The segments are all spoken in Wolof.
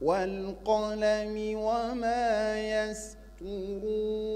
والقلم وما يسترون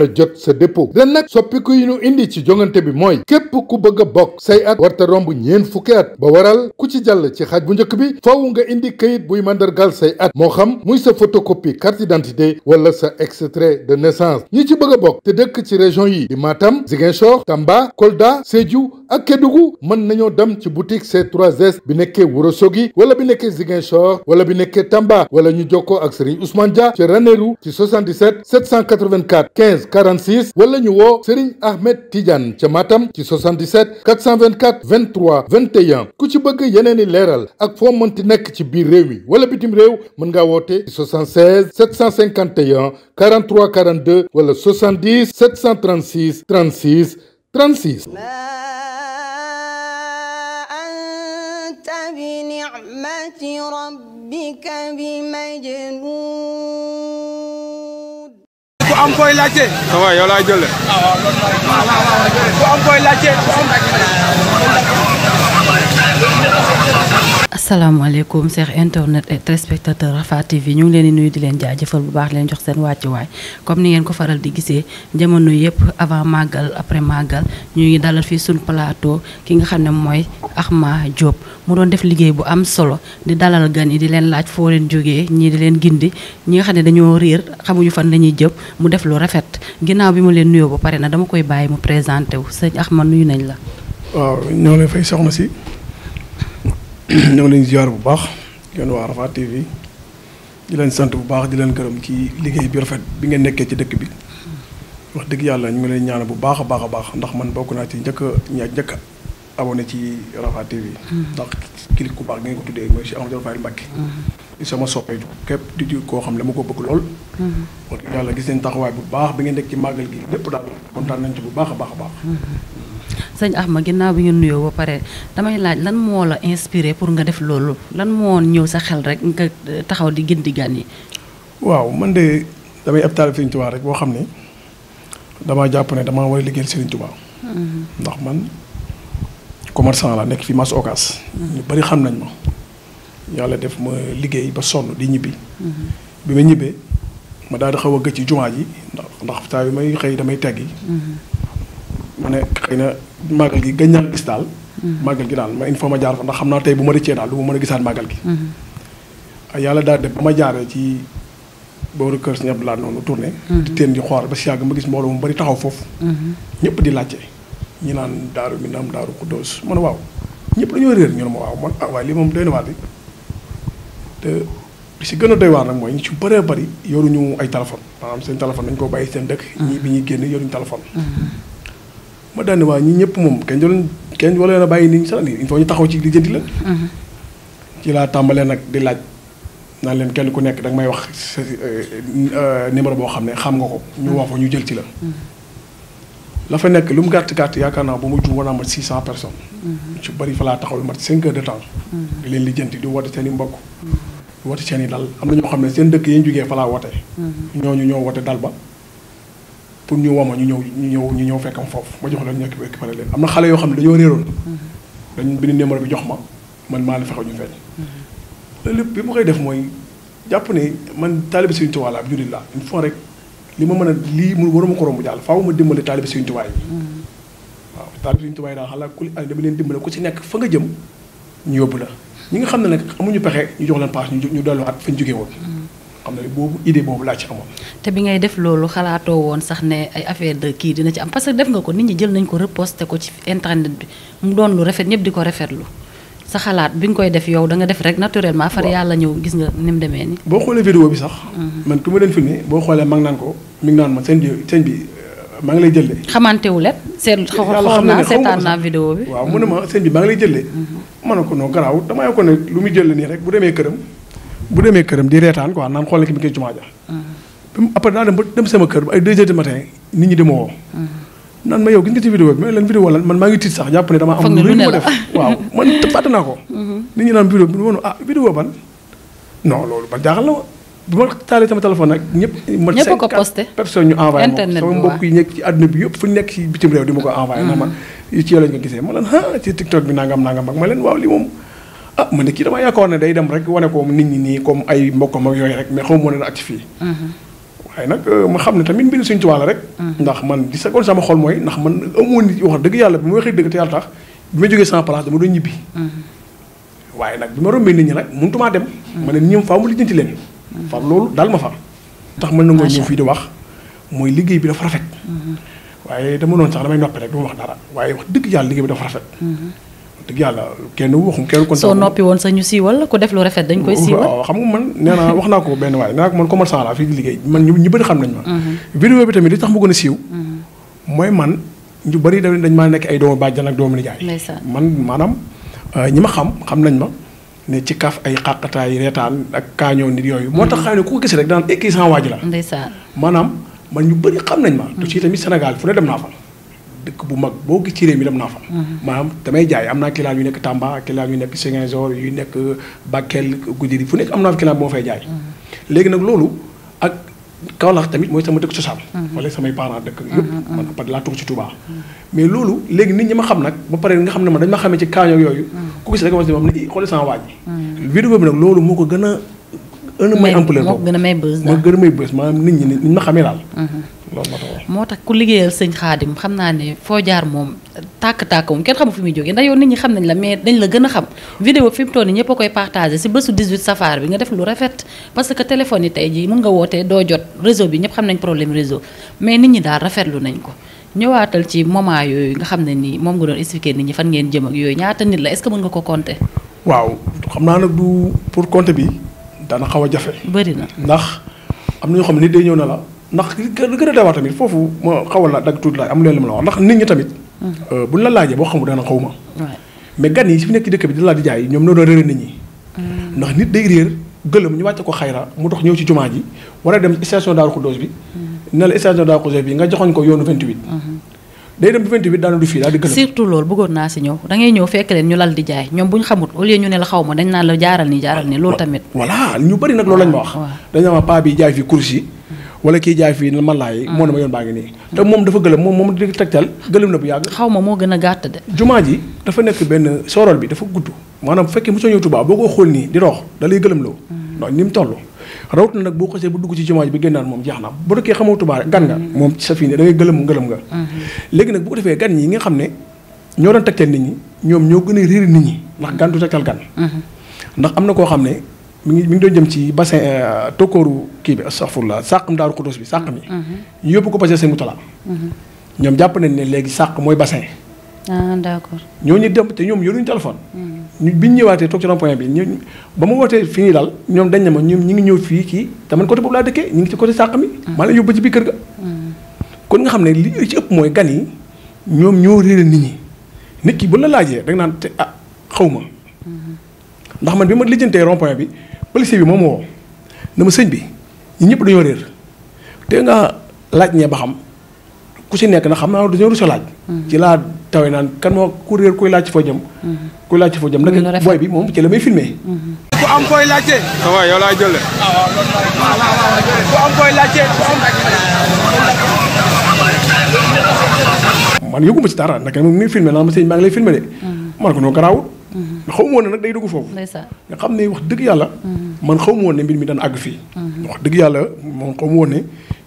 na jot sa dépôt ren nag soppiku yi ñu indi ci jongante bi mooy képp ku bëgg bokk say at warta romb ñeen fukki at ba waral ku ci jàll ci xaaj bu njëkk bi faaw nga indi kayit buy mandargal say at moo xam muy sa photocopie carte d'identité wala sa extrait de naissance ñi ci bëgg a bokk te dëkk ci région yi di Matam Ziguinchor Tamba Kolda Sédhiou ak Kédougou mën nañoo dem ci boutique C3S bi nekkee Ourossogui wala bi nekkee Ziguinchor wala bi nekkee Tamba wala ñu jokkoo ak Serigne Ousmane Dia ci Ranérou ci 77 784 46 wala ñu woo Serigne Ahmed Tidiane ca Matam ci 77 424 23 21 ku ci bëgg yeneen i leeral ak foo mënti nekk ci biir réew mi wala bitim réew mën nga woote ci 76 751 43 42 wala 70 736 36 36. bi ni'mati rabbika bi majnun am koy laajte. waaw yow laa jël de. waaw waaw loolu laa jël de. ku am koy laajte ku am. asalaamaaleykum chers internet et téléspectateurs Rafah TV ñu ngi leen di nuyu di leen jaajëfal bu baax leen jox seen wàccuwaay comme ni ngeen ko faral di gisee jamono yëpp avant màggal après màggal ñu ngi dalal fii suñu palaato ki nga xam ne mooy Ahma jóob mu doon def liggéey bu am solo di dalal gan yi di leen laaj foo leen jógee ñii di leen gindi ñi nga xam ne dañoo réer xamuñu fan la ñuy jëm mu def lu rafet ginnaaw bi mu leen nuyoo ba pare na dama koy bàyyi mu présenté wu sëñ Ahma nuyu nañ la. ñoo ngi leen ziar bu baax yéen waa Rafah TV di leen sant bu baax di leen gërëm ci liggéey bi rafet bi ngeen nekkee ci dëkk bi wax dëgg yàlla ñu ngi leen ñaan bu baax a baax a baax ndax man bokk naa ci njëkk ña njëkk abonné ci Rafah TV. Mm-hmm. ndax kilifa ku baax gi ko tuddee mooy si Amadou Rafah Mbacké mm-hmm. sama soppee képp di di koo xam dama ko bëgg lool. wax mm-hmm. dëgg gis nañ taxawaay bu baax bi ngeen nekk ci màggal gi lépp daal kontaan nañ ci bu baax a baax a baax. Mm-hmm. sëñ Axma ginnaaw bi ñu nuyoo ba pare damay laaj lan moo la inspiré pour nga def loolu lan moo ñëw sa xel rek nga eh, taxaw di gën di gan yi. waaw man de damay ab taalib Sëriñ Tuubaa rek boo xam ne dama jàpp ne dama war a liggéeyal Sëriñ Tuubaa. Mm-hmm. ndax man commerçant la nekk fi Mas Ocass. ñu xam nañ ma. yàlla def ma liggéey ba sonn di ñibbi. bi ma ñibbee ma daal di xaw a gëj ci jumaa ji ndax ndax taa bi may xëy damay teggi. ma ne xëy na màggal gi gëj naa gis daal. màggal gi daal ma il faut ma jaar fa ndax xam naa tey bu ma rëccee daal du ma mën a gisaat màggal gi. Ah, yàlla daal def ba ma jaaree ci booru kër si ñebe laa noonu tourné. di teen di xool ba si yàgg ma gis mbooloo mu bari taxaw foofu. ñëpp di laajte. ñi daaru mi naam daaru Xuddoos man waaw ñëpp dañoo réer ñu te si gën a doy waa nag mooy ñu si bëree bëri yoruñu ay téléphone maanaam seen téléphone dañ koo bàyyi seen dëkk. Mm-hmm. ñii bi ñuy génn yoruñu téléphone. Mm-hmm. ma daan waa ñii ñëpp moom kenn jëluñ kenn wala leen taxaw ci lijjanti la. Mm-hmm. ci laa tàmbalee nag di laaj naan leen kenn ku nekk danga may wax sa euh, euh, numéro boo xam ne xam nga ko. ñu woo ñu jël ci la. la nekk lu mu gàtt yaakaar naa bu ma juum war naa mat 600 personnes. ci bëri fa laa de temps. di leen lijjanti di woote seen i mbokk. woote seen i dal am na ñoo xam ne seen dëkk yi ñu jógee fa laa woote. Mm-hmm. ñooñu ñoo woote dal ba pour ñu woo ma ñu ñëw ñu ñëw ñu ñëw fekkam foofu ma jox leen ñu récupéré leen am na xale yoo xam ne dañoo réeroon. Mm-hmm. dañ bind numéro bi jox ma man maa la fexew ñu feeñ. Mm-hmm. loolu lépp bi ma koy def mooy jàpp ne man taalibe Sëriñ Tuubaa laa jullit laa une fois rek li ma mën a lii mu waruma ko romb jàll faaw ma dimbale taalibe Sëriñ Tuubaa yi. waaw taalibe Sëriñ Tuubaa yi daal xalaat ku dama leen dimbale ku ci nekk fa nga jëm ñu yóbbu la ñu nga xam ne nag amuñu pexe ñu jox leen paas ñu ñu delluwaat fañ jógee woon. Mm. xam ne boobu idée boobu laa ci amoon. te bi ngay def loolu xalaatoo woon sax ne ay affaire de kii dina ci am parce que def nga ko nit ñi jël nañ ko reposté ko ci internet bi mu doon lu rafet ñëpp di ko rafetlu sa xalaat bi nga koy def yow da nga def rek naturellement. far yàlla ñëw gis nga ni demee nii. boo xoolee vidéo bi sax. Mm-hmm. man ku ma leen filmé boo xoolee mag naan ko mi ngi naan man seen bi maa ngi lay jël de. xamante wu leen. seen xool naa seetaan naa vidéo bi. waaw mu ne ma bi maa ngi lay jël de. Mhm. ma ko non garaaw damaa ko ne lu muy jël nii rek bu demee këram. bu demee këram di reetaan quoi naan xool na ki mi koy jumaa mhm. dem ma mhm. ma yow gis nga ci vidéo bi ma leen vidéo waaw man fàtte naa ko. nit ñi naan vidéo bi ma ne ah vidéo ban non loolu ban jaaxal na ma bu ma taalee sama téléphone nag ñëpp. ñëpp ko posté personne ñu envoyé internet sama mbokk yi nekk ci àdduna bi yëpp fu ñu nekk ci bitim réew di ma ko envoyé. na ma mm-hmm. ci yow lañ ko gisee ma leen ah de rek wane ko nit ñi nii comme ay mbokkam ak ma mm-hmm. nag euh, ma xam ne tamit mbiru Sëñ Tuubaa la rek. Mm-hmm. ndax man di sagoon sama xol mooy ndax man amoon nit wax dëgg yàlla bi ma waxee dëgg te yàlla tax bi ma jógee sans place dama doon ñibbi. waaye nag bi ma rombee nit ñi nag mënutuma dem. ma ne ñoom faaw mu lijjanti leen far loolu daal ma fa tax mën na ngoo ñëw fii di wax mooy liggéey bi dafa rafet mm-hmm. waaye dama noonu sax damay noppi rek dama wax dara waaye wax dëgg yàlla liggéey bi dafa rafet mm-hmm. dëgg yàlla kenn waxum kenn kon soo noppi woon sax ñu siiwal ku def lu rafet dañ koy siiwal xam nga man nee naa wax naa ko benn waaye nee naa ko man commerçant laa fii di liggéey man ñu bëri xam nañ ma mm-hmm. vidéo bi tamit li tax mu gën a siiw mooy man ñu bëri dañ maa nekk ay doomu bàjjan ak doomu nijaay man maanaam euh, ñi ma xam xam nañ ma ne ci kaf ay xàqataay reetaan ak kaañoo nit yooyu. moo tax xam ne ku ko gis rek daan ekki sans waaj la. ndeysaan maanaam man ñu bëri xam nañ ma. te ci tamit Sénégal fu ne dem naa fa. dëkk bu mag boo gis ci réew mi dem naa fa. Mhm. maanaam damay jaay am naa client yu nekk Tamba client yu nekk Ziguinchor yu nekk Bakel Goudiri fu nekk am naa client bu boo fay jaay. Mhm. léegi nag loolu. kaw Kaolack tamit mooy sama dëkk cosaan. Mhm. wala samay parents dëkk mhm, yëpp. Mhm, man après laa toog ci Touba. mais loolu léegi nit ñi ma xam nag ba pare nga xam ne man dañ ma xamee ci kaañoo yooyu. ku gis rek ma xam ne xooli sama waaj bi. vidéo bi nag loolu moo ko gën a. ën may ampleur boobu gën a may buzz daal moo gën nit ñi ma xamee daal. moo tax ku liggéeyal sañ xaadim xam naa ne foo jaar moom tàkk-tàkk moom kenn xamu fi muy jógee ndax yow nit ñi xam nañ la mais dañ la gën a xam vidéo fi mu toll nii a koy partagé si bésu 18 safar bi nga def lu rafet parce que téléphone yi tey jii mun nga wootee doo jot réseau bi ñëpp xam nañ problème réseau mais nit ñi daal rafetlu nañ ko ñëwaatal ci moment yooyu nga xam ne nii moom nga doon expliqué nit ñi fan ngeen jëm ak yooyu ñaata nit la est-ce que mën waaw xam naa nag du pour compter bi daana xaw a jafe bëri na ndax am na ñoo xam ne nit ñëw na la ndax li gën a dawaa tamit foofu ma xaw la dagg tuuti laaj am leen lu ma la wax ndax nit ñi tamit. Mm. Euh, buñ la laajee boo xaw ma. mais gan yi si nekk dëkk bi di la jaay ñoom ñoo doon réer nit ñi. Mm. ndax nit day réer gëlëm ñu wàcce ko mu dox ñëw ci jumaa ji war a dem station Daaru Xuddoos bi. Mm. ne la station Daaru ko yoonu 28. Mm-hmm. day dem bu 28 daanu du fii daal surtout loolu bëggoon naa si ñëw da ngay ñëw fekk leen ñu lal di jaay ñoom bu ñu xamut au lieu ñu ne la xaw ma dañ naan la jaaral nii jaaral nii loolu tamit. voilà ñu bëri nag loolu lañ ma wax. dañ ma paa bi jaay fi course yi wala kii jaay fii na ma laay ah. moo ne ma yoon baa ngi nii te moom dafa gëlëm moom moom di tegtal gëlëm na bu yàgg xaw ma moo gën a gàtt de jumaa ji dafa nekk benn sorol bi dafa gudd maanaam bu fekkee mosoo ñëw Tuubaa boo ko xool nii di roox da gëlëm loo hmm. non ni mu toll rawat na nag boo xasee bu dugg ci jumaa ji bi génnaan moom jeex na bu dëkkee xamoo Tuubaa gan nga hmm. moom sa fii ne da gëlëm gëlëm nga hmm. léegi nag bu ko gan ñi nga xam ne ñoo doon tegtal nit ñi ñoom ñoo gën a réer nit ñi ndax gan du tegtal gan am na koo xam ne mi ngi mi ngi doon jëm ci bassin euh, tokkooru kii bi la astaghfirullah sàqam daaru xudus bi sàq mi. Mhm. ñu yóbbu ko bassin Sëñ Moutala. Mhm. ñoom jàpp nañ ne léegi sàq mooy bassin. ah d'accord ñooñu dem ñoom yoruñu téléphone. Mhm. ñu bi ñu ñëwaatee toog ci rond bi ñu ba ma wootee fii nii daal ñoom dañ ne ma ñoom ñu ngi ñëw fii kii te man côté boobu laa dëkkee ñu ngi ci côté sàq mi. ma la yóbbu ci biir kër ga. kon nga xam ne li ci ëpp mooy gan yi ñoom ñoo réeral nit ñi nit ki bu la laajee da nga naan te ah xaw ma ndax man bi ma lijjantee rond-point bi policier bi moom woo na ma sëñ bi ñi ñëpp dañoo réer te nga laaj ñee ba xam ku ci nekk na xam naa dañoo rus laaj. Mm-hmm. ci laa tawee naan kan moo ku réer kuy laaj foo jëm. Mm-hmm. kuy laaj bi moom ci la mm-hmm. man yëgu ma ci dara nag moom mi ngi filmé naan ma sëñ maa ngi lay filmé de. man ko noonu garaawul. nga xaw ma woon ne nag day dugg foofu. nga xam ne wax dëgg yàlla. Mm-hmm. man xaw ma woon ne mbir mi dana àgg fii. Mm-hmm. wax dëgg yàlla man xaw ma woon ne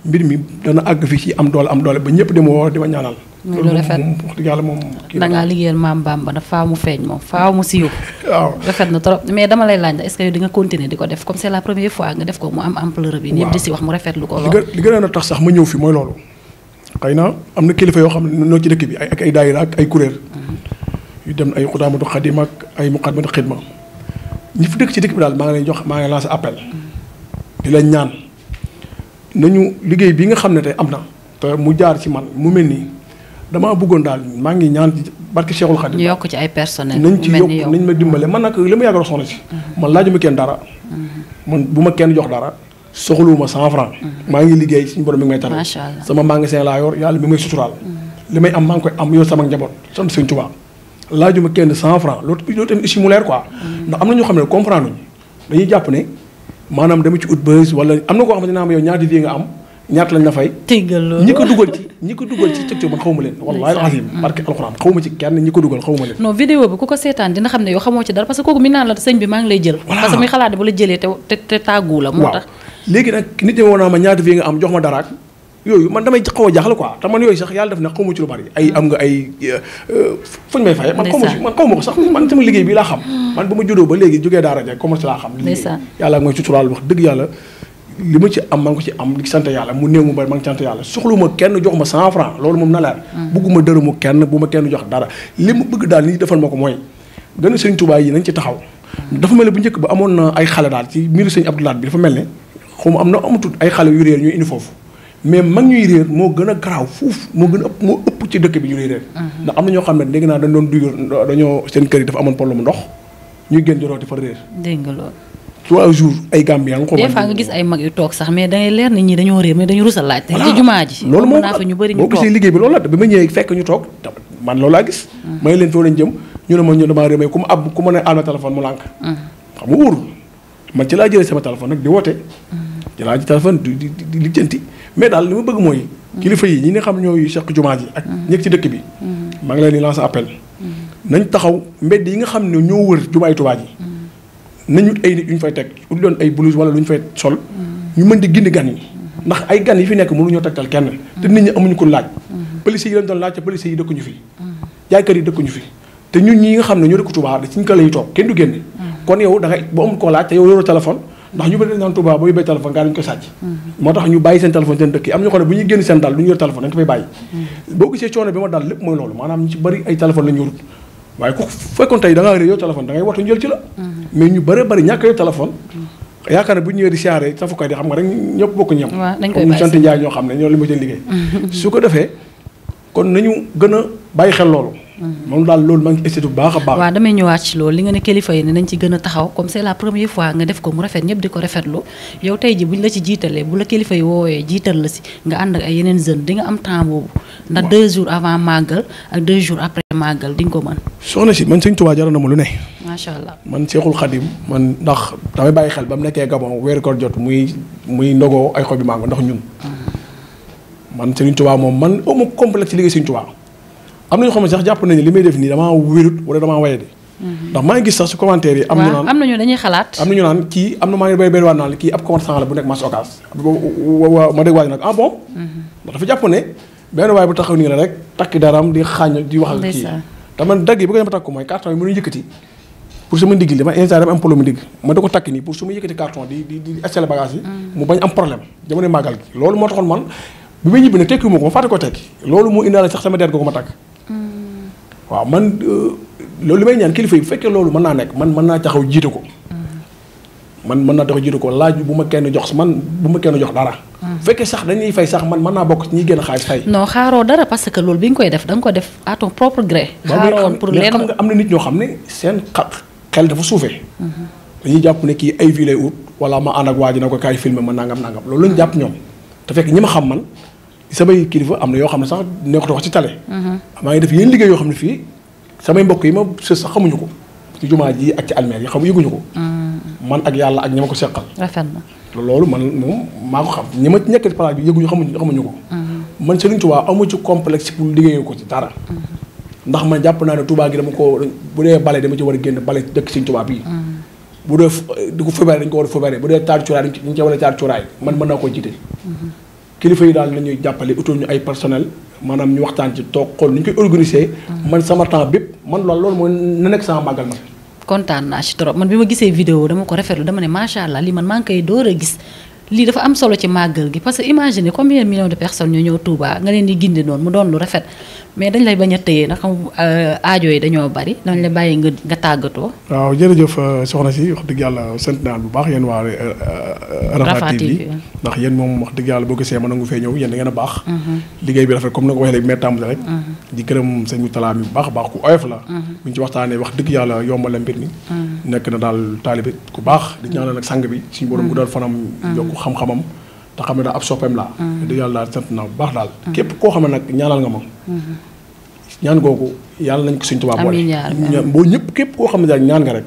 mbir mi dana àgg fii ci am doole am doole ba ñëpp di moo woo di ma ñaanal. wax dëgg yàlla moom kii da ngaa liggéeyal ba Bamba da faaw mu feeñ moom faaw mu siiw. waaw rafet na trop mais dama lay laaj est yow di nga di ko def comme c'est la première fois nga def ko mu am ampleur bi. waaw di si wax mu rafetlu ko gën a tax sax ma ñëw mooy loolu. xëy na am na kilifa yoo xam ne noo ci dëkk bi ay yu dem ay xudaamatu xadim ak ay muqaddimatu xidma ñi fi dëkk ci dëkk bi daal maa ngi leen jox maa ngi lancé appel di la ñaan nañu liggéey bi nga xam ne tey am na te mu jaar ci man mu mel nii damaa bëggoon daal maa ngi ñaan barke Cheikhul Khadim ñu yokk ci ay personnel nañ ci yokk nañ ma dimbale man nag li ma yàgg a soxla ci mm-hmm. man laajuma kenn dara mm-hmm. man bu ma kenn jox dara soxluwuma cent franc mm-hmm. maa ngi liggéey suñu borom mi ngi may taral sama magasin laa yor yàlla mi ngi may suturaal li maa ngi koy am sama njaboot sant Sëñ Tuubaa laajuma kenn cent franc loolu loolu tamit aussi mu am na ñoo xam ne comprendre ñu dañuy jàpp ne maanaam dama ci ut bës wala am na koo xam ne naa ma yow ñaati vie nga am la fay. tëggal loolu ñi ko dugal ci ñi mm. kenn ñi xaw ma leen. seetaan dina ne yow xamoo ci dara parce que kooku mi naan la sëñ bi maa ñaati vie nga am jox ma daraak yooyu man damay xaw a jaaxle quoi te man yooyu sax yàlla def na xaw ma ci lu bari ay am nga ay euh, fuñ may faye man xaw ma man ma ko sax man sama liggéey bi laa xam hmm. man ba ma juddoo ba léegi jógee daara ja commerce laa xam liggéey yàlla mooy suturaal wax dëgg yàlla li ma ci am maa ngi ko am sant yàlla mu néew mu bari ma sant yàlla soxluma kenn jox ma cent loolu moom na leer hmm. bugguma dërëmu kenn bu ma kenn jox dara li ma bëgg daal nit ñi defal ma ko mooy gën sëñ Tuubaa yi nañ ci taxaw hmm. dafa mel ne bu njëkk ba amoon na ay xale daal ci miiru sëñ laat bi dafa mel ne xaw ma am na amatul ay xale yu réer ñuy indi foofu mais mag ñuy réer moo gën a garaaw fuuf moo gën a ëpp moo ëpp ci dëkk bi ñu réer mhm. ndax am na ñoo xam ne dégg naa dañ doon dugal dañoo seen kër yi dafa amoon problème ndox ñuy génn di rooti nga loolu. trois jours ay Gambien nga ko. des fois nga gis ay a laaj. laa gis. Mhm. may leen ma ñu damaa réer mais ku ma ab mhm. nag di woote. ci laa ji di lijjanti mais daal li ma bëgg mooy. Mm. kilifa yi ñu ni xam ñooy seq jumaa ji ak mm. ñëg ci dëkk bi. Mm. maa ngi leen di lancer appel. nañ taxaw mbedd yi nga xam ne ñoo wër jumaay Tuubaa ji. nañ wut ay nit yu ñu fay teg ut doon ay wala lu ñu sol. ñu mën di gindi gan yi. ndax ay gan yi fi nekk mënuñoo tegtal kenn. te nit ñi amuñu ko laaj. police yi lañ doon laaj te police yi dëkkuñu fi. jaaykat yi dëkkuñu fi. te ñun ñi nga xam ne ñoo dëkk Tuubaa da ci ñu ko lay toog kenn du génn. kon yow da ngay bu amul koo laaj te yow yoroo téléphone ndax ñu bëri dañ naan Touba booy bay téléphone gaa dañu ko sàcc mm-hmm. moo tax ñu bàyyi seen téléphone seen dëkk yi am mm-hmm. mm-hmm. ñoo xam ne ñoo li ma seen liggéey su ko defee kon nañu gën bàyyi xel loolu Mhm. moom daal loolu maa ngi essayé bu baax a baax. waaw damay ñëwaat ci loolu li nga ne kilifa yi ne nañ ci gën a taxaw comme c'est la première fois nga def ko mu rafet ñëpp di ko rafetlu yow tey ji buñ la ci jiitalee bu la kilifa yi woowee jiital la si nga ànd ak ay yeneen jeunes di nga am temps boobu. ndax deux jours avant màggal ak deux jours après màggal di nga ko mën. soxna si man sëñ Tuubaa jaral na ma lu ne. macha allah man Seexul Xadim man ndax damay bàyyi am na ñoo xam ne sax jàpp nañu li may def nii damaa wérut wala damaa wayadi mhm. ndax maa gis sax commentaire yi. am ñu naan dañuy xalaat. am nañu naan kii am na maa ngi béy béyuwaat naan bu nekk marché ah mhm. ndax dafa jàpp ne benn waay bu taxaw nii la rek takki daram di xaañ di wax ak kii. te man dagg yi bu ko defee takku mooy carton yi yëkkati pour sama ndigg li ma instant dama am problème ma da ko takk nii pour su ma yëkkati carton di di di installé yi. Mm. mu bañ am moo taxoon man bi ko ma fàtte ko tekki loolu moo indaale sax sama der googu ma Mm. waaw man euh, loolu li may ñaan kilifa yi bu fekkee loolu mën naa nekk man mën naa taxaw jiite ko. Mm. man mën naa taxaw jiite ko laaj bu ma kenn jox man bu ma kenn jox dara. Mm. bu fekkee sax dañuy fay sax man man naa bokk ci ñi gën a xaalis fay. non xaaroo dara parce que loolu bi nga koy def da ko def à ton propre gré. xaaroo pour lenn xam nga am na nit ñoo xam ne seen xel dafa suufe mm-hmm. dañuy jàpp ne kii ay vie lay ut wala ma ànd ak waa ji na ko kaay filmé ma nangam nangam loolu lañu jàpp ñoom te fekk ñi xam man samay kilifa am na yoo xam ne sax nekkatu wax ci tale. Mhm. maa ngi def yenn liggéey yoo xam ne fii samay mbokk yi ma sës sax xamuñu ko ci jumaa ji ak ci almeer yi ko. Mhm. man ak yàlla ak ñi ma ko seqal. rafet na loolu man moom maa ma ñekk palaas bi yëguñu xamuñu xamuñu ko. Mhm. man Serigne Touba amu ci complexe pour ko ci dara. ndax man jàpp naa ne Touba gi dama ko bu dee bale dama ci war a génn bale dëkk Serigne Touba bii. bu dee di ko fobaaree dañ ko war a fobaaree bu dee taar cuuraay dañ man mën naa ko jiite kilifa yi daal nañuy jàppale utul ñu ay personnel maanaam ñu waxtaan ci toog xool ni ñu koy organiser. man sama temps bépp man loolu loolu mooy na nekk sama màggal ma kontaan naa ci trop man bi ma gisee video dama ko lu dama ne macha allah li man maa ngi koy door a gis lii dafa am solo ci màggal gi parce que imagine combien millions de personnes ñu ñëw Touba nga leen di gindi noonu mu doon lu rafet mais dañ lay bañ a tëyee ndax euh, aajo yi dañoo bari dañ lay bàyyi nga tàggatoo. waaw jërëjëf euh, soxna si wax dëgg yàlla sant naa bu baax euh, da a baax. Mm-hmm. liggéey bi rafet comme na nga ko mm-hmm. ku oyof la. Mm-hmm. bu ñu ci waxtaanee wax dëgg yàlla yombal mbir mi. nekk na daal taalibe ku baax di ñaanal nag sang bi suñu borom ku daal fanam yokku xam-xamam te xam ne daal ab soppeem laa. Mm-hmm. dëgg yàlla daal sant naa bu baax daal. Mm-hmm. képp koo xam ne nag ñaanal nga ma. Mm-hmm. ñaan googu yàlla nañ ko suñ tubaab boole boo ñëpp képp koo xam ne daal ñaan nga rek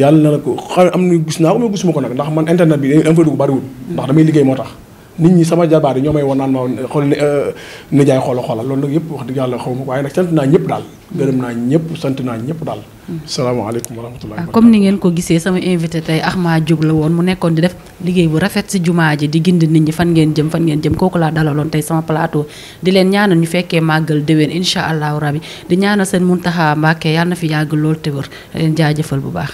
yàlla na ko xam am na gis naa ko mais gisuma ko nag ndax man internet bi dañ fa dugg bariwul ndax damay liggéey moo tax nit ñi sama jabaar yi ñoo may woon naan ma xool euh, nijaay xoola xoolal loolu nag yëpp wax dëgg yàlla xaw ma waaye nag sant naa ñëpp daal gërëm naa ñëpp sant naa ñëpp daal hmm. salaamaaleykum wa rahmatulah comme ni ngeen ko gisee sama invité tey Ahma Diop la woon mu nekkoon di def liggéey bu rafet si jumaa ji di nit ñi fan ngeen jëm fan ngeen jëm kooku laa dalaloon tey sama plateau di leen ñaanal ñu fekkee màggal déwén incha allahu rabi di ñaanal seen Muntaxa Mbàkke yàlla na fi yàgg lool te wër leen jaajëfal bu baax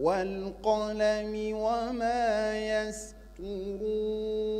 والقلم وما يسترون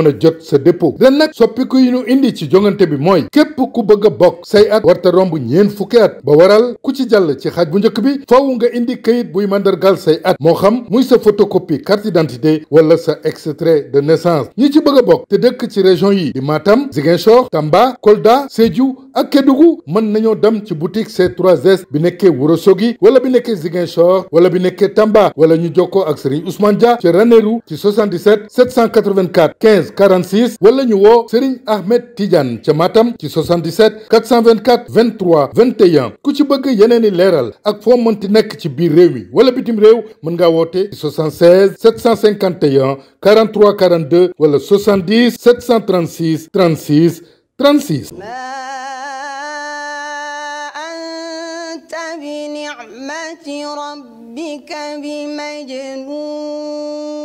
mën a jot sa dépôt ren nag soppiku yi ñu indi ci jongante bi mooy képp ku bëgg a bokk say at warta romb ñeen fukki at ba waral ku ci jàll ci xaaj bu njëkk bi faw nga indi kayit buy mandargal say at moo xam muy sa photocopie carte d'identité wala sa extrait de naissance ñi ci bëgg a bokk te dëkk ci région yi di Matam Ziguinchor Tamba Kolda Sédhiou ak Kédougou mën nañoo dem ci boutique C3S bi nekkee Ourossogui wala bi nekkee Ziguinchor wala bi nekkee Tamba wala ñu jokkoo ak Serigne Ousmane 13 46 wala ñu woo Serigne Ahmed Tidiane ca Matam ci 77 424 ku ci bëgg yeneen i leeral ak foo mënti nekk ci biir réew mi wala bitim réew mën nga woote 76 751 43 42 wala 70 736 36 36. bi ni'mati rabbika bi majnun